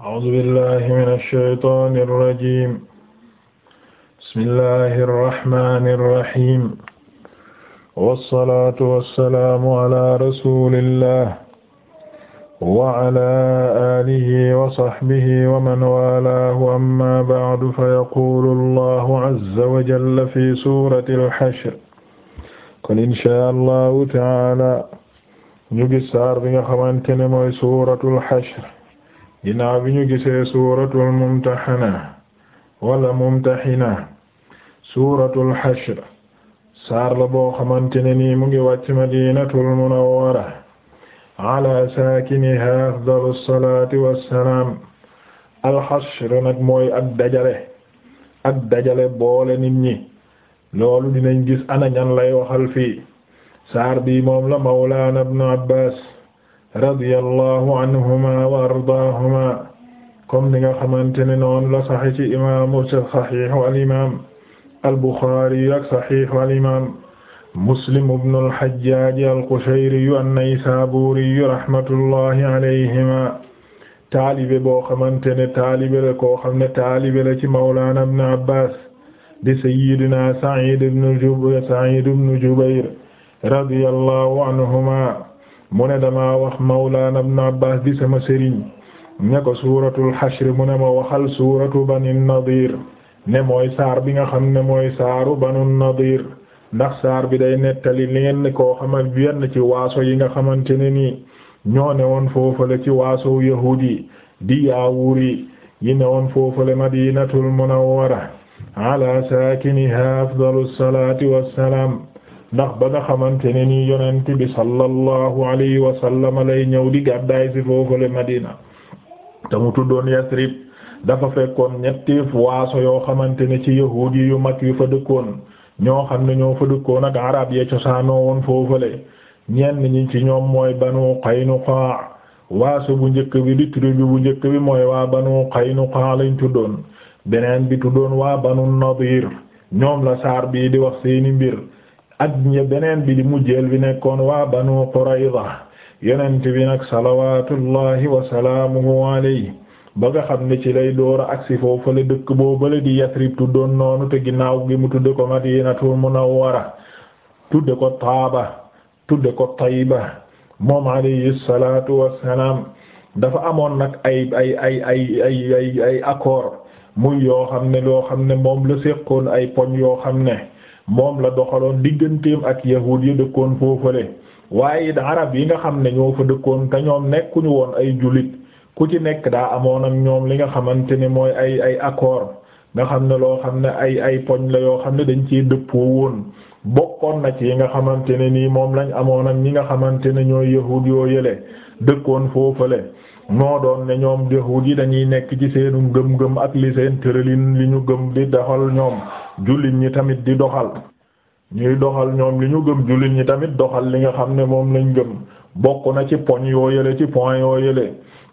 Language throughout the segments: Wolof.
أعوذ بالله من الشيطان الرجيم بسم الله الرحمن الرحيم والصلاة والسلام على رسول الله وعلى آله وصحبه ومن والاه أما بعد فيقول الله عز وجل في سورة الحشر kon inshaa Allahu ta'aala ñu gis saar bi nga xamante ne mooy suuratul Hashr ginnaaw bi ñu gisee suuratul mumtahana wala mumtahina suuratul hashr saar la boo xamante ne nii mu ngi wàcc madinatul munawwara ala saakiniha afdalu salaati wassalaam alxashr nag mooy ak dajale ak dajale boole nit ñi loolu dinañ gis ana ñan lay waxal fii saar bi moom la mawlaana ibnu abbaas radiyallahu anhuma wa ardaahuma comme ni nga xamante ne noonu la saxi ci imaamu saxiixu al imaam al buxaari ak saxiixu al imaam muslim ibnu al hajjaaj al qushayri an naysaabuuri rahmatullahi alayhima taalibe boo xamante ne taalibe la koo xam ne taalibe la ci mawlaana ibnu abbaas di sayyidina sa'iid ibnu jubayr sa'iid ibnu jubayr radiyallahu anhuma mu ne damaa wax mawlaana ibn Abbaas di sama sëriñ ne ko suuratul Hashr mu ne ma waxal suuratu Bani Nadiir ne mooy saar bi nga xam ne mooy saaru Banu Nadiir ndax saar bi day nettali leen koo xamal yenn ci waaso yi nga xamante ne nii ñoo ne woon foofale ci waaso yahuud yi di yaawuur yi yi ne woon foofale Madinatul Munawwara ala saakinihaa afdalu salaati wassalaam ndax ba nga xamante ne ñu yonent bi sallallahu alayhi wa sallam lay ñëw di gàddaay si foofule Madina te mu tuddoon Yasrib dafa fekkoon ñetti waaso yoo xamante ne ci yahuud yi yu mag yi fa dëkkoon ñoo xam ne ñoo fa dëkkoon ak arab ya cosaanoo woon foofule ñenn ñi ci ñoom mooy Banu Qaynuqa waaso bu njëkk bi di tribu bu njëkk bi mooy waa Banu Qaynuqa lañ tuddoon beneen bi tuddoon waa Banu Nadir ñoom la saar bii di wax seeni mbir ak beneen bi di mu mujjeel bi nekkoon waa banu Qurayza yonent bi nag salawaatullahi wa salaamuhu alayhi ba nga xam ne ci lay doora agsi foofu la dëkk boobale di Yasrib tuddoon noonu te ginnaaw gi mu tudde ko Madinatul Munawwara tudde ko Taaba tudde ko Tayba moom alayhi salaatu wassalaam dafa amoon nag ay ay ay ay ay ay ay accord muy yoo xam ne loo xam ne moom la séqoon ay poñ yoo xam ne moom la doxaloon digganteem ak yahuud yi dëkkoon foofale waaye it arab yi nga xam ne ñoo fa dëkkoon te ñoom nekkuñu woon ay jullit ku ci nekk daa amoon ak ñoom li nga xamante ne mooy ay ay accord nga xam ne loo xam ne ay ay poñ la yoo xam ne dañ cee dëppoo woon bokkoon na ci yi nga xamante ne nii moom lañ amoon ak ñi nga xamante ne ñooy yahuud yoo yële dëkkoon foofale moo doon ne ñoom yahuud yi dañuy nekk ci seenu gëm-gëm ak li seen tëralin li ñu gëm di doxal ñoom jullit ñi tamit di doxal ñuy doxal ñoom li ñu gëm jullit ñi tamit doxal li nga xam ne moom lañ gëm bokk na ci poñ yoo yële ci point yoo yële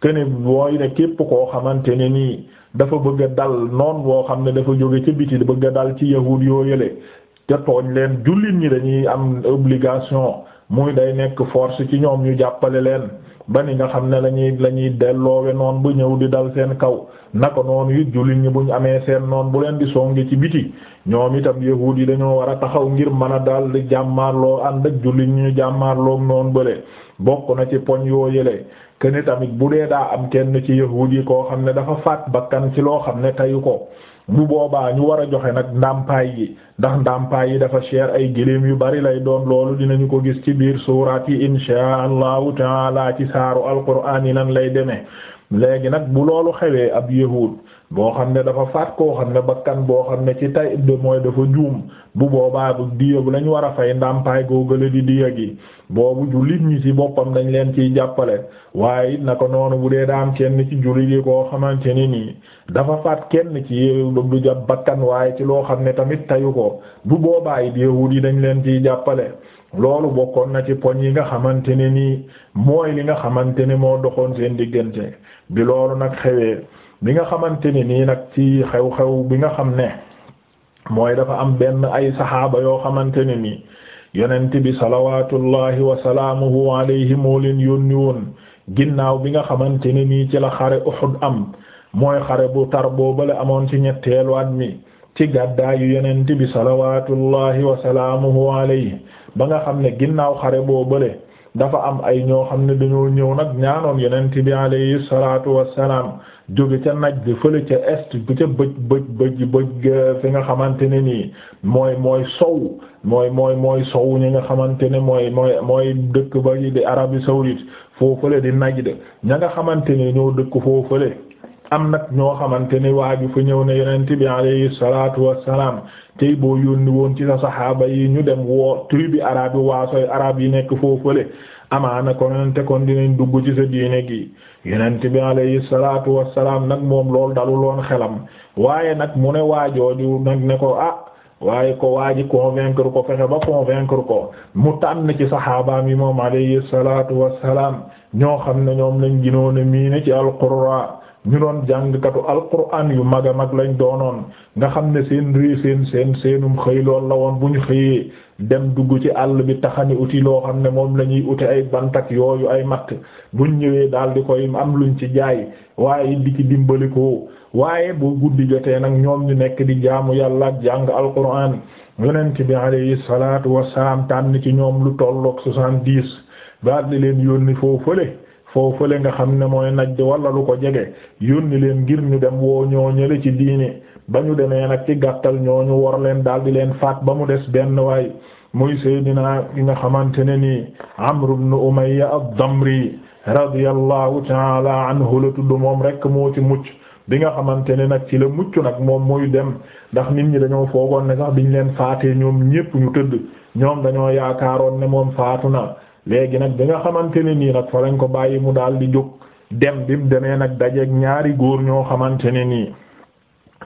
kene booy ne képp koo xamante ne nii dafa bëgg dal noon boo xam ne dafa jóge ci biti bëgg a dal ci yahuud yoo yële te tooñ leen jullit ñi dañuy am obligation muy day nekk force ci ñoom ñu jàppale leen ba ni nga xam ne lañuy lañuy delloowe noon bu ñëw di dal seen kaw naka noon it jullit ñu buñ amee seen noon bu leen di songi ci biti ñoom itam yahuud yi dañoo war a taxaw ngir mën a dal di jàmmaarloo ànd ak jullit ñi ñu jàmmaarloo noonu bële bokk na ci poñ yoo yële këni tamit bu dee daa am kenn ci yahuud yi koo xam ne dafa faat bakkan ci loo xam ne teyu ko bu boobaa ñu war a joxe nag ndàmpaay yi ndax ndàmpaay yi dafa cher ay gëléem yu bari lay doon loolu dinañu ko gis ci biir suuraat yi inshaa allahu taala ci saaru alquraan yi nan lay demee léegi nag bu loolu xewee ab yahuud boo xam ne dafa faat koo xam ne bakkan boo xam ne ci tay de mooy dafa juum bu boobaa bu diya bu lañ war a fay ndàmpaay googale di diya gi boobu jullit ñi ci boppam dañ leen ciy jàppale waaye it noonu bu dee daam kenn ci jullit yi koo xamante ne nii dafa faat kenn ci du jàpp waaye ci loo xam ne tamit tayu ko bu boobaa it yi dañ leen ciy jàppale loolu bokkoon na ci poñ yi nga xamante ne nii mooy li nga xamante ne moo doxoon seen diggante bi loolu nag xewee bi nga xamante ni nii nag ci xew-xew bi nga xam ne mooy dafa am benn ay saxaaba yoo xamante ne nii yonent bi salawaatullahi wa salaamuhu alayhi moo leen yónni woon ginnaaw bi nga xamante ne nii ci la am mooy xare bu tar boobale amoon ci ñetteelu at mi ci gàddaayu yonent bi salawaatullahi wa salaamuhu alayhi ba nga xam ne ginnaaw xare boobale dafa am ay ñoo xam ne dañoo ñëw nag ñaanoon yonent bi alayhi salaatu wa salaam jóge ca bi fële ca est bu ca bëj bëj bëj bëj fi nga xamante ne nii mooy mooy sow mooy mooy mooy sow ñi nga xamante ne mooy mooy mooy dëkk ba di Arabie saoudite foo fële di de ña nga xamante ne ñoo dëkk foo fële am nag ñoo xamante ni waaju fa ñëw ne yonent bi alayhi salaatu wassalaam tey boo yónni woon ci sa saxaaba yi ñu dem woo tribu arabe yi waasoy arabe yi nekk foofale amaana konante kon dinañ dugg ci sa diine gi yonent bi alayhi salaatu wassalaam nag moom lool dalu daluloon xelam waaye nag mu ne waajooju nag ne ko ah waaye ko waaji convaincre ko fexe ba convaincre ko mu tànn ci saxaabaam yi moom alayhi salaatu wassalaam ñoo xam ne ñoom lañ ginoon ñu doon jàngkatu alquran yu mag a mag lañu doonoon nga xam ne seen rée seen seen seenum xëy lool la woon bu ñu xëyee dem dugg ci àll bi taxani uti loo xam ne moom la ñuy uti ay bantak yooyu ay matt buñ ñëwee daal di koy am luñ ci jaay waaye di ci dimbalikoo waaye bu guddi jotee nag ñoom ñu nekk di jaamu yàlla ak jàng alquran yonent bi alayhi salaatu wassalaam tànn ci ñoom lu tolloog soixante-dix daal di leen yónni foofule foofale nga xam ne mooy najj wala lu ko jege yónni leen ngir ñu dem woo ñoo ñële ci diini ba ñu demee nag ci gàttal ñooñu war leen daal di leen faat ba mu des benn waay muy seydina ki nga xamante ne nii Amr ibn Umayya ad-Damri radiyallahu taala anhu la tudd moom rekk moo ci mucc bi nga xamante ne nag ci la mucc nag moom muy dem ndax nit ñi dañoo foogoon ne sax biñ leen faatee ñoom ñépp ñu tëdd ñoom dañoo yaakaaroon ne moom faatu naa léegi nag bi nga xamante ne nii nag fa lañ ko bàyyi mu daal di jóg dem bi mu demee nag dajeeg ñaari góor ñoo xamante ne nii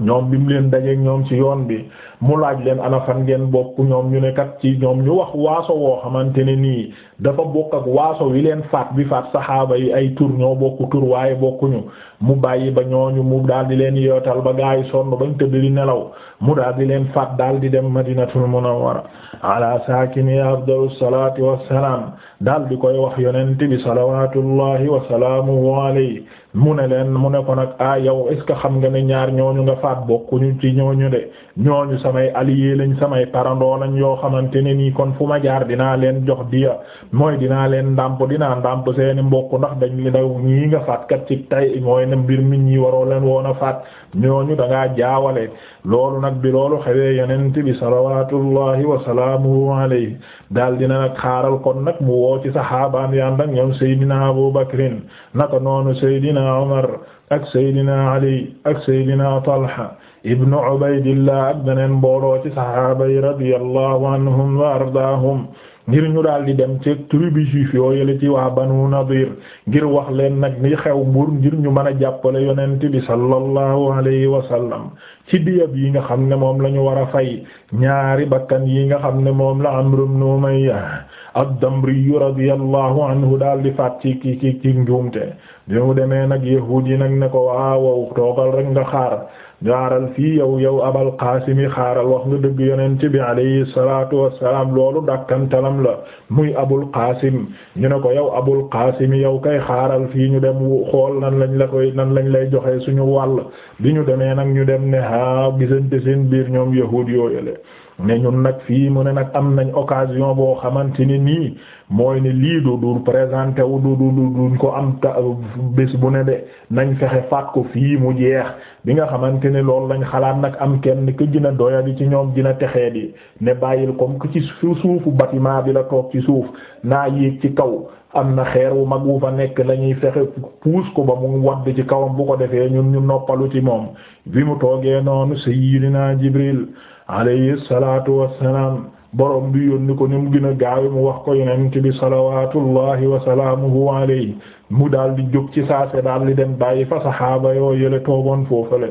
ñoom bi mu leen dajeeg ñoom ci yoon bi mu laaj leen ana ngeen bokk ñoom ñu ne kat ci ñoom ñu wax waaso woo xamante ne nii dafa bokk ak waaso wi leen faat bi faat saxaaba yi ay tur ñoo bokk tur waaye bokkuñu mu bàyyi ba ñooñu mu daal di leen yootal ba gaa yi sonn bañ tëdd di nelaw mu daal di leen faat daal di dem madinatul munawwara ala saakini afdalu salaati wassalaam daal di koy wax yonent bi salawaatullahi wa salaamuhu alayhi mu ne leen mu ne ko nag ah yow est ce xam nga ne ñaar ñooñu nga faat bokkuñu ci ñooñu de ñooñu samay alliés lañ samay parandoo lañ yoo xamante ne nii kon fu ma jaar dinaa leen jox diya mooy dinaa leen ndàmp dinaa ndàmp seeni mbokk ndax dañ li daw ñii nga faat kat ci tay mooy ne mbir mi ñi waroo leen woon a faat ñooñu da ngaa jaawale loolu nag bi loolu xewee yonent bi salawaatullahi wa salaamuhu alayhi daal dina nag xaaral kon woo ci saxaabaam yaan dak ñoom Seydina Abu Bakrin naka noonu Seydina Umar ak Seydina Ali ak Seydina Talha ibnu Ubaydillah ak beneen mbooloo ci saxaaba yi radiyallahu anhum wa ardaahum ngir ñu daal di dem ci tribu juif yooyu la ci waa Banu Nadir ngir wax leen nag ni xew mbur ngir ñu mën a jàppale yonent bi sallallahu alayhi wa sallam ci diyab yi nga xam ne moom la ñu war a fay ñaari bakkan yi nga xam ne moom la Amru ibn Umayya ad-Damri radiyallahu anhu daal di faat ci ci ci njuumte bi mu demee nag yahuud yi nag ne ko waawow toogal rek nga xaar jaaral fii yow yow abal qaasim yi xaaral wax nga dëgg ci bi alayhi salaatu wassalaam loolu dakkantalam la muy abul qaasim ñu ne ko yow abul qaasim yow kay xaaral fii ñu dem xool nan lañ la koy nan lañ lay joxee suñu wàll bi ñu demee nag ñu dem ne haa gisante seen biir ñoom yahuud yooyale ne ñun nag fii mu ne nag am nañ occasion boo xamante ni nii mooy ne lii du du présenté wu du du ko am bés bu ne de nañ fexe faat ko fii mu jeex bi nga xamante ne loolu lañ xalaat nag am kenn ku na a doyadi ci ñoom dina a texee di ne bàyyil comme que ci suufu bâtiment bi la toog ci suuf naa yéeg ci kaw am na xeer wu mag wu fa nekk lañuy fexe puus ko ba mu wadd ci kawam bu ko defee ñun ñu noppalu ci moom bi mu toogee noonu sayyidina Jibril alayhi salaatu wassalaam borom bi yónni ko ni mu gën a gaawe mu wax ko yonent bi salawaatullahi wa salaamuhu alayhi mu daal di jóg ci saase daal di dem bàyyi fa saxaaba yoo yële toogoon foofale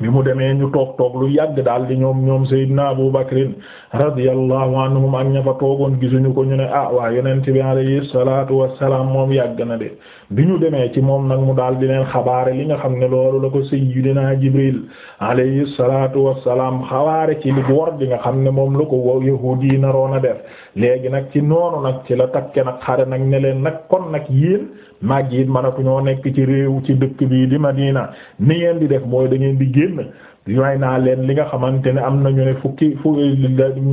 bi mu demee ñu toog toog lu yàgg daal di ñoom ñoom Seydina Abu Bakrin radiyallahu anhum ak ña fa toogoon gisuñu ko ñu ne ah waa yonent bi alayhi salaatu wassalaam moom yàgg na de bi ñu demee ci moom nag mu daal di leen xabaare li nga xam ne loolu la ko Seydina Jibril alayhi salaatu wassalaam xabaare ci li wor bi nga xam ne moom la ko yahuud yi naroon a def léegi nag ci noonu nag ci la takke nag xare nag ne leen nag kon nag yéen màgg it mënatuñoo nekk ci réew ci dëkk bii di Madina ni ngeen di def mooy da di génn génn yooy naa leen li nga xamante ne am nañu ne fukki fu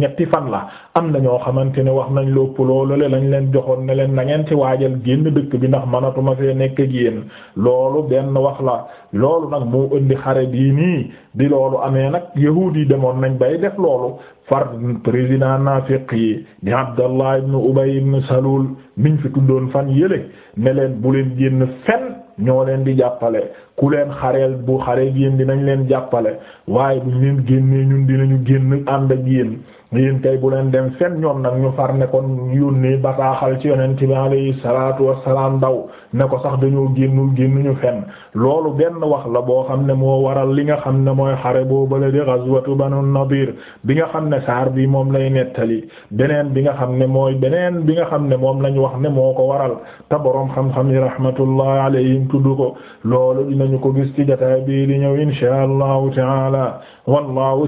ñetti fan la am na ñoo xamante ne wax nañ lopp loolu lañ leen joxoon ne leen na ngeen ci waajal génn dëkk bi ndax manatuma fee nekk ak yéen loolu benn wax la loolu nag moo indi xare bii nii di loolu amee nag yahuud yi demoon nañ bay def loolu far président naafiq yi di Abdallah ibn Ubay ibn Salul miñ fi tuddoon fan yële ne leen bu leen génn fen ñoo leen di jàppale ku leen xareel bu xaree yéen dinañ leen jàppale waaye buñ leen génnee ñun dinañu génn ànd ak yéen yéen kay bu leen dem fen ñoom nag ñu far ne kon yónnee bataaxal ci yonent bi alayhi salaatu salaam daw ne ko sax dañoo génnul génnuñu fenn loolu benn wax la boo xam ne moo waral li nga xam ne mooy xare boobale di ghazwatu banu nadir bi nga xam ne saar bii moom lay nettali beneen bi nga xam ne mooy beneen bi nga xam ne moom lañ wax ne moo ko waral te boroom xam-xam yi rahmatullahi alayhim tudd ko loolu dinañu ko gis ci jotaay bii li ñëw inshaa allahu taala wallahu